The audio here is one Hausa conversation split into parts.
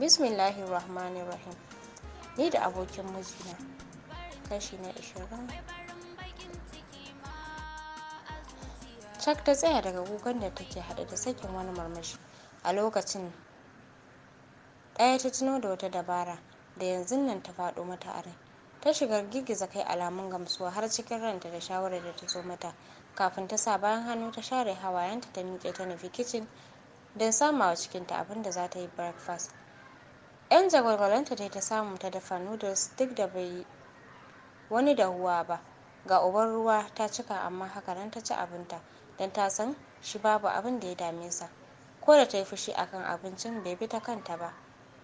bismillahir rahmanir ni da abokin mijina kashi na 20 ta tsaya daga gugan da take hada da sakin wani marmashi a lokacin daya ta tuno da wata dabara da yanzu nan ta fado mata a rai ta shiga girgiza kai alamun gamsuwa har cikin ranta da shawarar da ta zo mata kafin ta sa bayan hannu ta share hawayenta ta miƙe ta nufi kicin don samawa cikinta abinda za ta yi breakfast 'yan jagwalgwalanta dai ta samu ta dafa noodles duk da bai wani dahuwa ba ga uban ruwa ta cika amma haka nan ta ci abinta don ta san shi babu abin da ya dame sa ko da ta yi fushi akan abincin bai bi ta kanta ba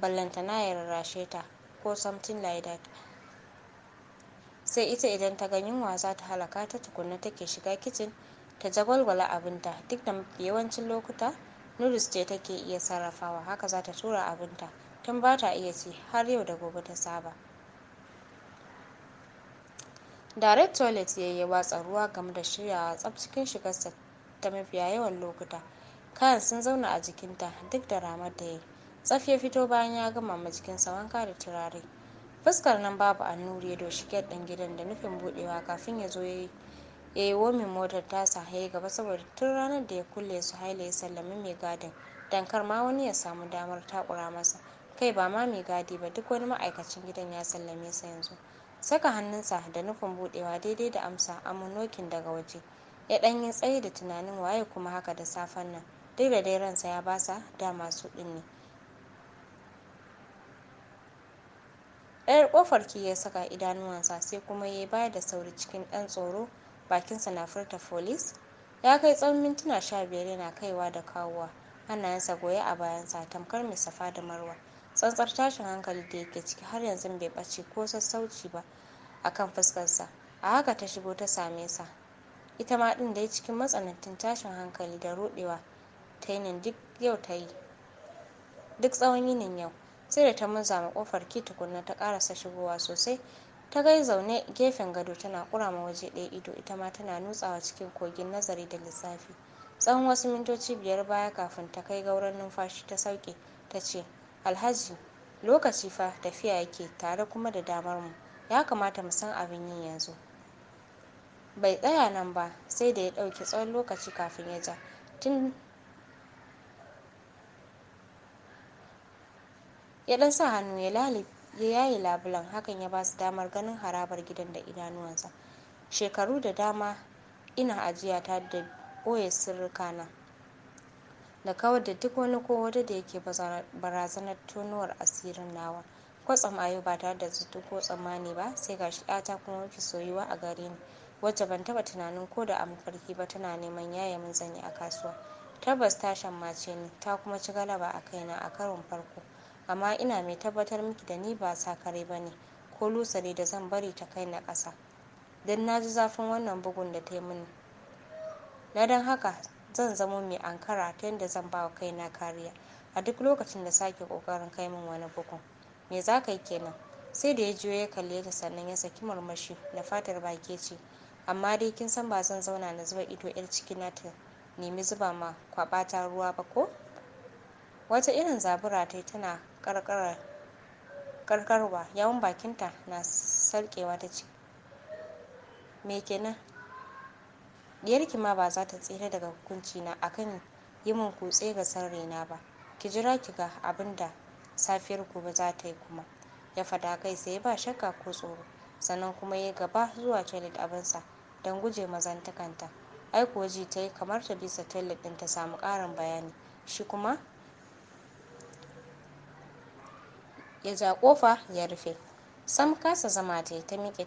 ballanta na ya rarrashe ta ko something like that sai ita idan ta ga yunwa za ta halaka ta tukunna take shiga kicin ta jagwalgwala abinta duk da yawancin lokuta noodles ce take iya sarrafawa haka za ta tura abinta tun ba ta iya ci har yau da gobe ta saba direct toilet ya yi watsa ruwa game da shiryawa tsab cikin shigarsa ta mafiya yawan lokuta kayan sun zauna a jikinta duk da ramar da ya yi tsaf ya fito bayan ya gama ma jikinsa wanka da turare fuskar nan babu annuri do shi gate ɗin gidan da nufin buɗewa kafin ya zo ya yi womin motar tasa ya yi gaba saboda tun ranar da ya kulle su haila ya sallami mai gadin don kar ma wani ya samu damar takura masa kai ba ma mai gadi ba duk wani ma'aikacin gidan ya sallame sa yanzu saka hannunsa da nufin budewa daidai da amsa amunokin daga waje ya dan yi tsaye da tunanin waye kuma haka da safen nan duk da dai ransa ya basa dama su din ne ɗayar kofar ki ya saka idanuwansa sai kuma ya baya da sauri cikin ɗan tsoro bakinsa na furta folis ya kai tsawon mintuna sha biyar yana kaiwa da kawowa hannayensa goye a bayansa tamkar mai safa da marwa tsantsar tashin hankali da yake ciki har yanzu bai ɓace ko sassauci ba a kan fuskarsa a haka ta shigo ta same sa ita ma ɗin dai cikin matsanancin tashin hankali da ruɗewa ta yi yinin duk yau ta yi duk tsawon yinin yau sai da ta munza ma kofar ki tukunna ta karasa shigowa sosai ta kai zaune gefen gado tana kurama waje ɗaya ido ita ma tana nutsawa cikin kogin nazari da lissafi tsawon wasu mintoci biyar baya kafin ta kai gauran numfashi ta sauke ta ce alhaji lokaci fa tafiya yake tare kuma da damar mu ya kamata mu san abin yi yanzu bai tsaya nan ba sai da ya ɗauki tsawon lokaci kafin ya ja tun ya ɗan sa hannu ya yaye labulan hakan ya ba su damar ganin harabar gidan da idanuwansa shekaru da dama ina ajiya ta da boye sirrika na. da kawar da duk wani ko wata da yake barazanar tonuwar asirin nawa kwatsam ayo ba tare da zato ko tsammani ba sai gashi ta kuma mafi soyuwa a gare ni wacce ban taɓa tunanin ko da a mafarki ba tana neman yaye min zani a kasuwa tabbas ta shammace ni ta kuma ci galaba a kaina a karon farko amma ina mai tabbatar miki da ni ba sa kare ba ne ko lusare da zan bari ta kai na ƙasa don na ji zafin wannan bugun da ta yi mini na don haka zan zamo mai ankara ta yadda zan ba wa kaina kariya a duk lokacin da sake kokarin kai min wani bugun me za ka yi kenan sai da ya juyo ya kalle ta sannan ya saki murmushi da fatar baki ce amma dai kin san ba zan zauna na zuba ido yar cikina ta nemi zuba ma kwabata ruwa ba ko wata irin zabura ta tana karkarwa yawun bakinta na sarƙewa ta ce me kenan diyarki ma ba za ta tsira daga hukuncina akan yi min kutse ga san raina ba ki jira ki ga abin da safiyar gobe za ta yi kuma ya fada kai sai ba shakka ko tsoro sannan kuma ya gaba zuwa toilet abinsa don guje mazantakanta ai kuwa ji ta yi kamar ta bisa toilet ɗin ta samu karin bayani shi kuma ya ja kofa ya rufe sam kasa zama ta yi ta miƙe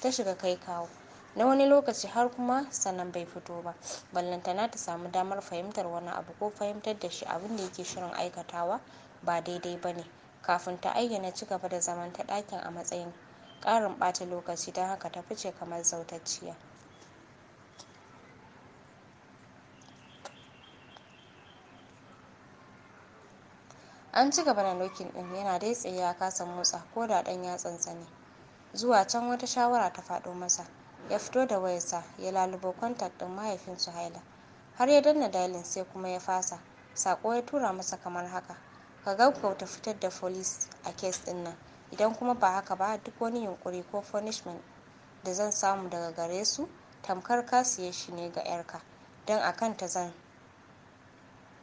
ta shiga kai kawo na wani lokaci har kuma sannan bai fito ba ballantana ta samu damar fahimtar wani abu ko fahimtar da shi abin da yake shirin aikatawa ba daidai ba ne kafin ta ayyana ci gaba da zaman ta ɗakin a matsayin karin ɓata lokaci don haka ta fice kamar zautacciya an ci gaba da nokin ɗin yana dai tsaye ya kasa motsa ko da yatsan yatsansa ne zuwa can wata shawara ta faɗo masa ya fito da wayarsa ya lalubo kontak ɗin mahaifin haila Har ya danna dalin sai kuma ya fasa. Sako ya tura masa kamar haka. Ka ta fitar da folis a kes ɗin nan. Idan kuma ba haka ba duk wani yunƙuri ko punishment da zan samu daga gare su tamkar ka siye shi ne ga 'yarka don a kanta zan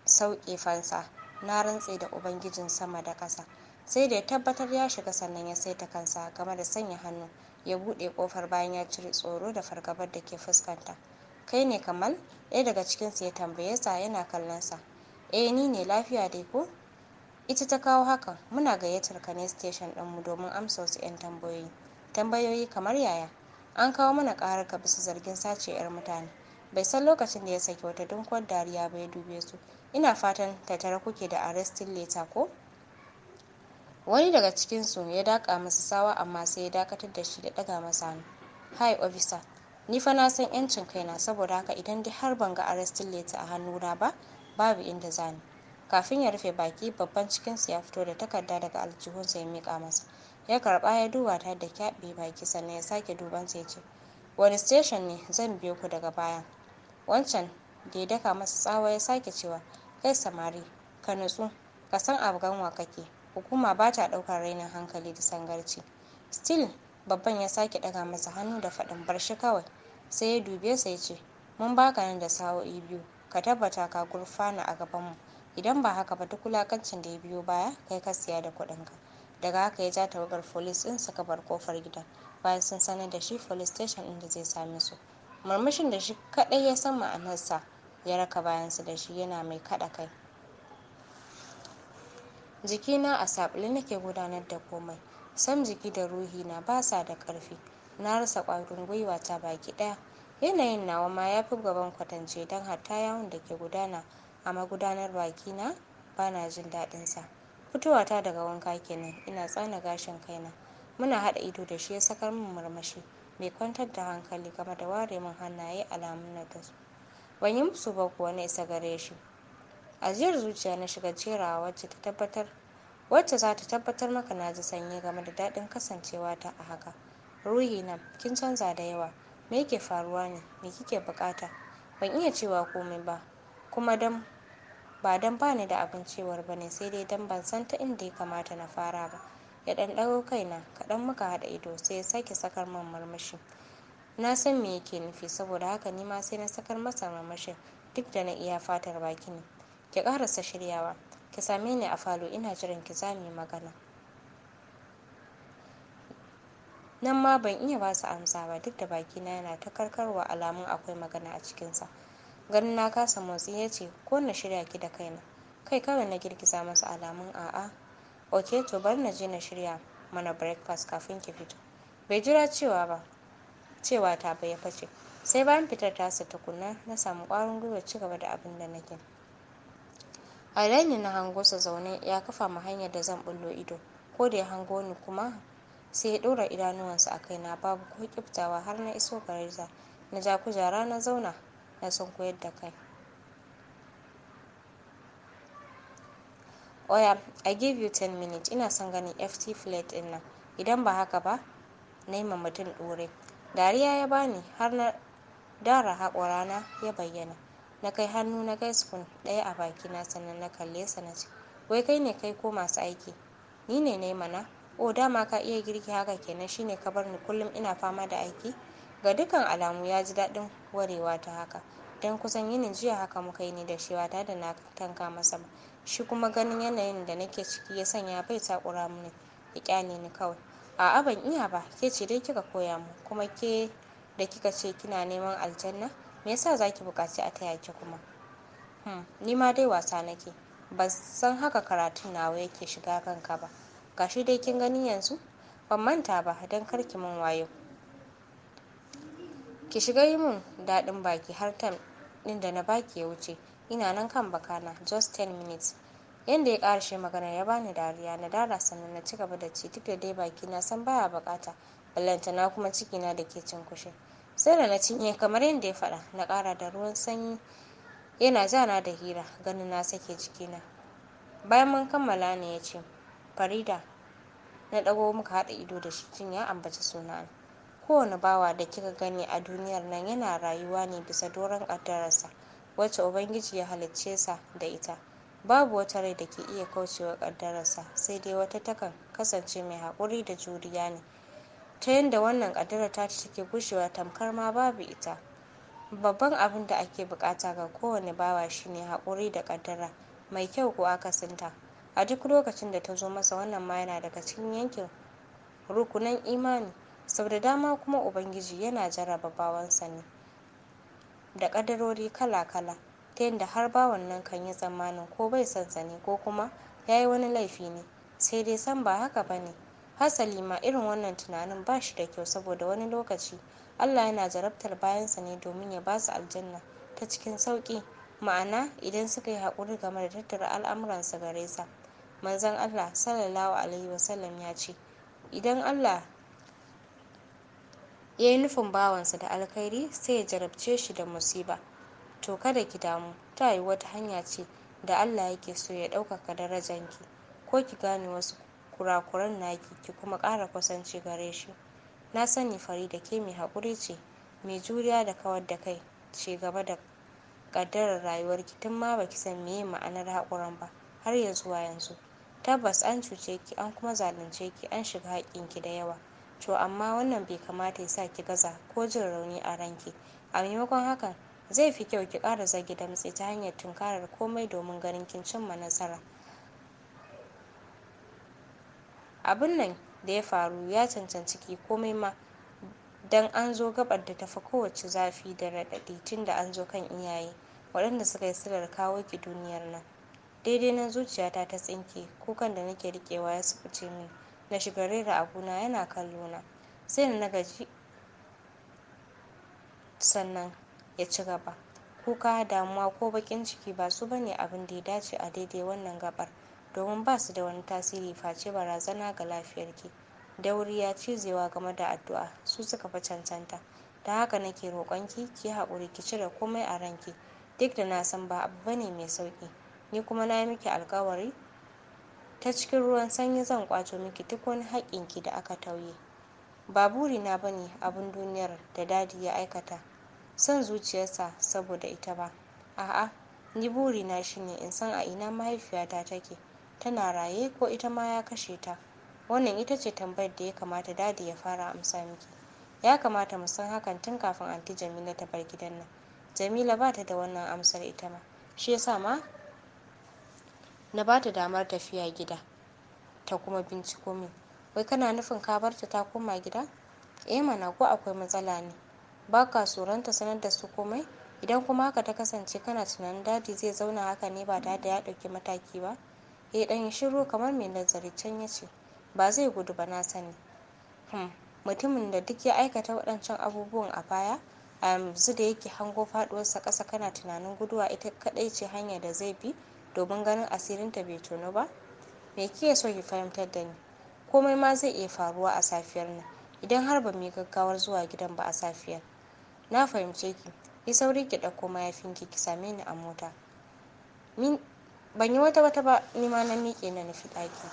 sauke fansa. Na rantse da Ubangijin sama da ƙasa. sai da ya tabbatar ya shiga sannan ya saita kansa game da sanya hannu ya buɗe kofar bayan ya cire tsoro da fargabar da ke fuskanta kai ne kamal ɗaya daga cikinsu ya tambaye sa yana kallon sa eh ni ne lafiya dai ko ita ta kawo hakan muna gayyatar ka ne station mu domin amsa wasu 'yan tambayoyi tambayoyi kamar yaya an kawo mana ƙarar ka bisa zargin sace 'yar mutane bai san lokacin da ya saki wata dunkuwar dariya ba ya dube su ina fatan tattara kuke da arrestin leta ko wani daga cikinsu ya daka masa sawa amma sai ya dakatar da shi da daga masa hannu hi officer ni fa na san yancin kaina saboda haka idan dai har ban ga arrestin leta a hannuna ba babu inda zani kafin ya rufe baki babban cikinsu ya fito da takarda daga aljihunsa ya miƙa masa ya karɓa ya duba ta da kyaɓe baki sannan ya sake duban sa ya ce wani station ne zan biyo ku daga baya wancan da ya daka masa tsawa ya sake cewa kai samari ka nutsu ka san abu ganwa kake hukuma ba ta ɗaukar rainin hankali da sangarci still babban ya sake ɗaga masa hannu da faɗin bar shi kawai sai ya dube sa ya ce mun baka nan da sa'o'i biyu ka tabbata ka gurfana a gabanmu idan ba haka ba duk wulakancin da ya biyo baya kai ka siya da ka daga haka ya ja tawagar folis ɗin suka bar kofar gidan bayan sun sanar da shi police station inda zai same su murmushin da shi kaɗai ya san ma'anarsa ya raka bayansa da shi yana mai kaɗa kai jikina a saɓale nake gudanar da komai sam jiki da ruhi na ba sa da ƙarfi na rasa ƙwarin gwiwa ta baki ɗaya yanayin nawa ma ya fi gaban kwatance don hatta yawon da ke gudana a magudanar bakina ba na jin daɗin sa ta daga wanka kenan ina tsana gashin kaina muna haɗa ido da shi ya sakar min murmushi mai kwantar da hankali game da ware min hannaye alamun na ban yi musu ba kuwa na isa gare shi ajiyar zuciya na shiga jerawa wacce ta tabbatar wacce za ta tabbatar maka na ji sanyi game da daɗin kasancewa ta a haka ruhi na kin canza da yawa me yake faruwa ne me kike bukata ban iya cewa komai ba kuma dan ba dan bani da abin cewar ne sai dai dan ban san ta inda ya kamata na fara ba ya dan dago kaina kaɗan muka haɗa ido sai ya sake sakar man murmushi na san me yake nufi saboda haka nima sai na sakar masa murmushin duk da na iya fatar baki ne ki karasa shiryawa ki same ni a falo ina jiran ki zame magana nan ma ban iya ba su amsa ba duk da bakina yana ta karkarwa alamun akwai magana a cikinsa ganin na kasa motsi ya ce ko na shirya ki da kaina kai kawai na girgiza masa alamun a'a ok to bar na je na shirya mana breakfast kafin ki fito bai jira cewa ba cewa ta bai ya sai bayan fitar ta tasa tukunna na samu kwarin gwiwa ci gaba da abin da nake a raini na hango sa zaune ya kafa ma hanyar da zan bullo ido ko da ya hango ni kuma sai ya ɗora idanuwansa a kaina babu ko kiftawa har na iso gare na ja kujera na zauna na sunkuyar da kai oya i give you ten minutes ina son ganin ft flat din nan idan ba haka ba na yi ma mutum ɗore dariya ya bani har na dara haƙorana ya bayyana na kai hannu na kai spoon ɗaya a baki na sannan na kalle sa na ce wai kai ne kai ko masu aiki ni ne nai mana o oh, dama ka iya girki haka kenan shine ka bar ni kullum ina fama da aiki ga dukkan alamu ya ji daɗin warewa ta haka dan kusan yinin jiya haka muka yi ni da shi ba da na tanka masa ba shi kuma ganin yanayin da nake ciki ya sanya bai takura mini ya kyale ni kawai a'a ban iya ba ke ce dai kika koya mu kuma ke da kika ce kina neman aljanna me yasa za ki buƙaci a taya ki kuma hmm ni ma dai wasa nake ban san haka karatun nawa yake shiga kanka ba gashi dai kin gani yanzu ban manta ba don kar ki min wayo ki shiga yi min daɗin baki har tam ɗin da na baki ya wuce ina nan kan baka na just ten minutes yanda ya ƙarashe magana ya bani dariya na dara sannan na ci gaba da ci duk da dai baki na san baya buƙata na kuma ciki na da ke cin kushe sai da na cinye eh, kamar yadda ya faɗa na kara da ruwan sanyi yana jana da hira ganin na sake jikina bayan mun kammala ne ya ce farida na ɗago muka haɗa ido da shi cin ya ambaci na. kowane bawa da kika gani a duniyar nan yana rayuwa ne bisa doron ƙaddararsa wacce ubangiji ya halicce sa da ita babu wata rai da ke iya kaucewa ƙaddararsa sai dai wata takan kasance mai haƙuri da juriya ne ta yadda wannan ƙaddarar ci take gushewa tamkar ma babu ita babban abin da ake bukata ga kowane bawa shine haƙuri da ƙaddara mai kyau ko akasinta a duk lokacin da ta zo masa wannan ma yana daga cikin yankin rukunan imani sau da dama kuma ubangiji yana jarraba bawansa ne da ƙaddarori kala-kala ta yadda har bawan nan kan yi tsammanin ko bai son sa ne ko kuma ya yi wani laifi ne sai dai sam ba haka ba ne Hasali ma irin wannan tunanin ba shi da kyau saboda wani lokaci Allah yana jarabtar bayansa ne domin ya ba su aljanna ta cikin sauƙi, ma'ana idan suka yi haƙuri game da tattara al'amuransa gare sa. Manzon Allah Sallallahu Alaihi Wasallam ya ce, "Idan Allah ya yi nufin bawansa da alkhairi sai ya jarabce shi da musiba, to kada ki damu, ta yi wata hanya ce da Allah yake so ya ɗaukaka darajanki, ko ki gane wasu kurakuran naki ki kuma ƙara kusanci gare shi na sani farida ke mai hakuri ce mai juriya da kawar da kai ce gaba da ƙaddarar ki tun ma baki san meye ma'anar hakuran ba har ya zuwa yanzu tabbas an cuce ki an kuma zalunce ki an shiga ki da yawa to amma wannan bai kamata ya sa ki gaza ko jin rauni a ranki a maimakon hakan zai fi kyau ki ƙara zagi damtse ta hanyar tunkarar komai domin ganin kin cimma nasara abun nan da ya faru ya cancanci ki komai ma dan an zo gabar da ta fi kowace zafi da raɗaɗi tun da an zo kan iyaye waɗanda suka yi silar kawo ki duniyar nan daidai nan zuciyata ta tsinke kukan da nake riƙewa ya sufuce min na shiga rera abuna yana kallo na sai na gaji sannan ya ci gaba kuka damuwa ko baƙin ciki ba su bane abin da ya dace a daidai wannan gaɓar domin ba su da wani tasiri face barazana ga lafiyarki ya cizewa game da addu'a su suka fi cancanta da haka nake roƙonki ki yi haƙuri ki cire komai a ranki duk da na san ba abu bane mai sauƙi ni kuma na yi miki alƙawari? ta cikin ruwan sanyi zan ƙwato miki duk wani haƙƙinki da aka tauye ba burina ba ne abin duniyar da dadi ya aikata son zuciyarsa saboda ita ba a'a ni burina shine in san a ina mahaifiyata take tana raye ko ita ma ya kashe ta wannan ita ce tambayar da ya kamata dadi ya fara amsa miki ya kamata mu san hakan tun kafin anti jamila ta bar gidan nan jamila ba ta da wannan amsar ita ma shi yasa ma na bata damar tafiya gida ta kuma binciko min wai kana nufin ka bar ta ta koma gida eh mana ko akwai matsala ne ba ka tsoron ta sanar da su komai idan kuma haka ta kasance kana tunanin dadi zai zauna haka ne ba tare da ya ɗauki mataki ba ya dan yi shiru kamar mai nazari can ya ce ba zai gudu ba na sani hmm, mutumin da duk ya aikata waɗancan abubuwan a baya a yanzu da yake hango faɗuwarsa ƙasa kana tunanin guduwa ita kaɗai ce hanyar da zai bi domin ganin asirinta bai tono ba me kike so ki fahimtar da ni komai ma zai iya faruwa a safiyar nan idan har ba mu yi gaggawar zuwa gidan ba a safiyar na fahimce ki yi sauri ki ɗauko mayafinki ki same ni a mota ban yi wata wata ba ni ma na miƙe na nufi ɗaki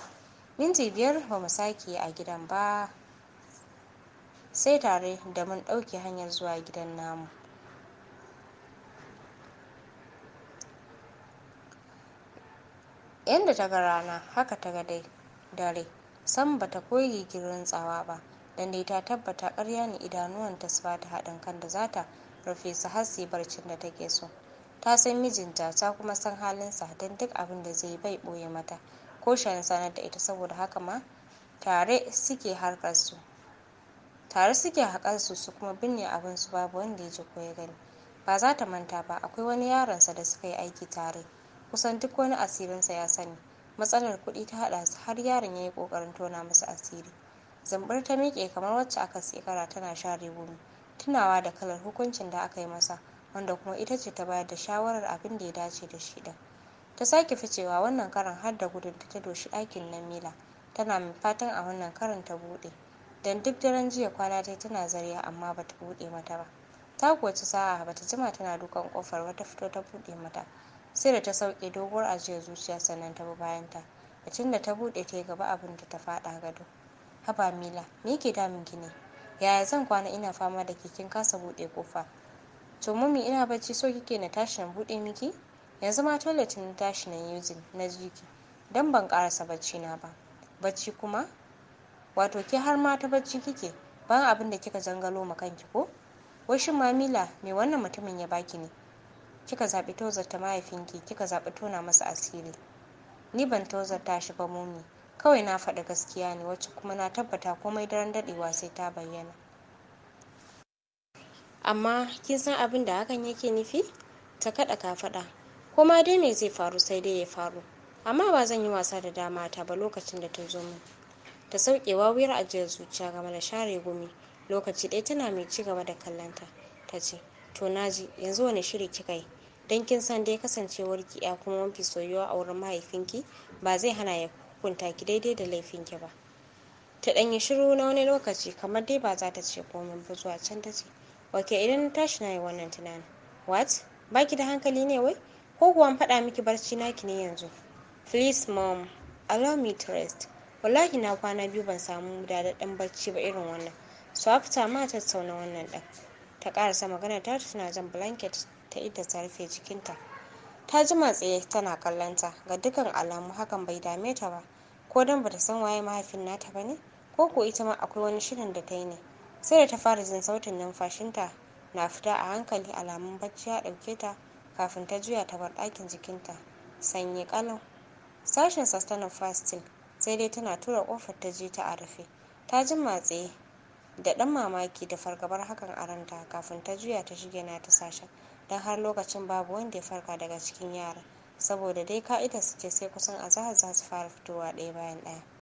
minti biyar ba mu sake a gidan ba sai tare da mun ɗauke hanyar zuwa gidan namu yadda ta ga rana haka ta ga dare sam ba ta koyi gigirin tsawa ba don dai ta tabbata karya ne idanuwanta su ba ta haɗin kan da za ta rufe su har su yi barcin da take so ta san mijinta ta kuma san halinsa don duk abin da zai bai ɓoye mata ko ya sanar da ita saboda haka ma tare suke harkarsu tare suke haƙarsu su kuma binne abinsu babu wanda ya ji ko ya gani ba za ta manta ba akwai wani yaronsa da suka yi aiki tare kusan duk wani asirinsa ya sani matsalar kuɗi ta haɗa su har yaron ya yi ƙoƙarin tona masa asiri zambar ta miƙe kamar wacce aka tsikara tana share gumi tunawa da kalar hukuncin da aka yi masa wanda kuma ita ce ta bayar da shawarar abin da ya dace da shi ɗin ta sake ficewa wannan karan har da gudun da ta doshi na mila. tana mai fatan a wannan karan ta buɗe don duk daren jiya kwana ta tana zariya amma bata buɗe mata ba ta kuwaci sa'a bata jima tana dukan kofar wata fito ta buɗe mata sai da ta sauke doguwar ajiyar zuciya sannan ta bi bayan ta da da ta buɗe ta yi gaba abin da ta faɗa gado haba mila me yake damun ki ne yaya zan kwana ina fama da kikin kasa buɗe kofa to mummy ina bacci so kike na tashi na buɗe miki yanzu ma toilet na tashi na using na jiki Dan ban karasa bacci na ba bacci kuma wato ke har ma ta bacci kike bayan abin da kika zangalo ma kanki ko wai shin mamila mai wannan mutumin ya baki ne kika zaɓi tozarta mahaifinki kika zaɓi tona masa asiri ni ban tozarta shi ba mummy kawai na faɗi gaskiya ne wacce kuma na tabbata komai daren daɗewa sai ta bayyana amma kin san abin da hakan yake nufi ta kaɗa kafaɗa ko ma dai me zai faru sai dai ya faru amma ba zan yi wasa da dama ta ba lokacin da ta zo min ta sauke wuyar ajiyar zuciya game da share gumi lokaci ɗaya tana mai ci gaba da kallonta ta ce to ji yanzu wani shiri kika yi don kin san dai kasancewar ki ya kuma mafi soyuwa a wurin mahaifinki ba zai hana ya hukunta ki daidai da laifinki ba ta ɗanyi shiru na wani lokaci kamar dai ba za ta ce komai ba zuwa can ta ce ok idan na tashi na yi wannan tunanin what baki da hankali ne wai ko kuwa faɗa miki barci naki ne yanzu please mom allow me to rest wallahi na kwana biyu ban samu daɗaɗɗen barci ba irin wannan so after ma tattauna wannan ɗan ta ƙarasa magana ta tana jan blanket ta ita ta rufe jikinta ta jima tsaye tana kallonta ga dukkan alamu hakan bai dame ta ba ko don bata san waye mahaifin nata ba ne ko ko ita ma akwai wani shirin da ta yi ne sai da ta fara jin sautin numfashinta na fita a hankali alamun bacci ya ɗauke ta kafin ta juya ta bar ɗakin jikinta sanyi ƙalau sashen sustenance fasting sai dai tana tura ƙofar ta je ta a rufe ta ji matse da ɗan mamaki da fargabar hakan a ranta kafin ta juya ta shige na ta sashen don har lokacin babu wanda ya farka daga cikin yaran saboda dai ka'idar su ce sai kusan azahar za su fara fitowa ɗaya bayan ɗaya